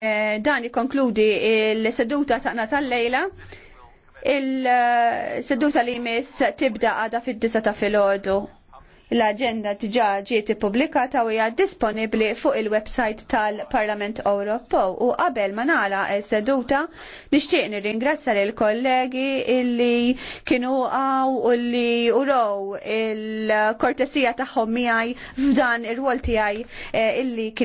Eh, dan ikonkludi il-seduta taqna tal-lejla. Il-seduta li jmiss tibda għada fid-disa ta' filgħodu. L-agenda diġà ġiet ippubblikata u hija disponibbli fuq il-website tal-Parlament Ewropew u qabel ma nagħla s-seduta nixtieq nirringrazzja lil kollegi illi kienu għaw u li uraw il-kortesija tagħhom miegħi f'dan ir-rwol tiegħi eh, illi kien